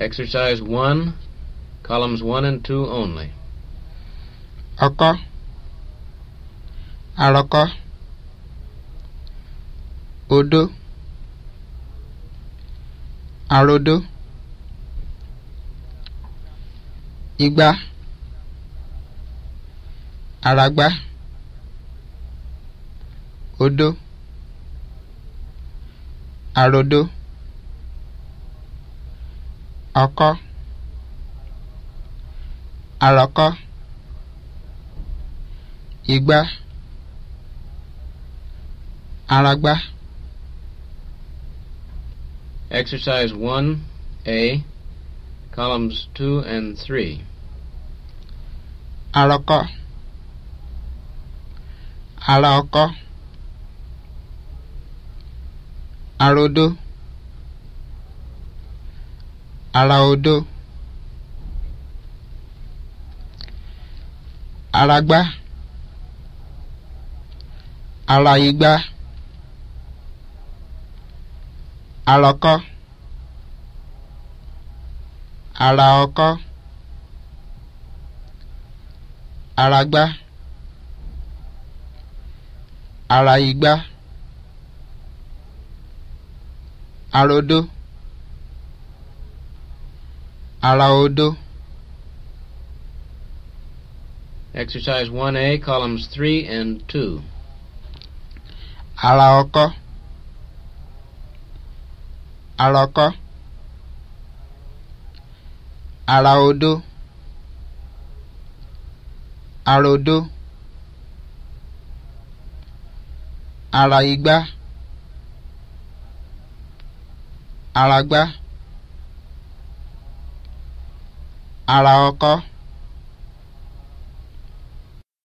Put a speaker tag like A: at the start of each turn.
A: Exercise 1, columns 1 and 2 only.
B: Aka, Araka, Odo, Arodo, Igba, Aragba, Odo, Arodo ọkọ àrọ̀kọ igba aragba.
A: Exercise 1A, columns 2 and 3.
B: Arọ̀kọ alaka, ọkọ ara odó ara gbá ara igbá ara ọkọ́ ara ọkọ́ ara gbá ara igbá ara odó.
A: Alaudo. odó. Exercise 1A, columns 3 and 2.
B: Ara ọkọ́. Alaudo. ọkọ́. Ara odó. odó. igbá.
A: ara ọkọ́.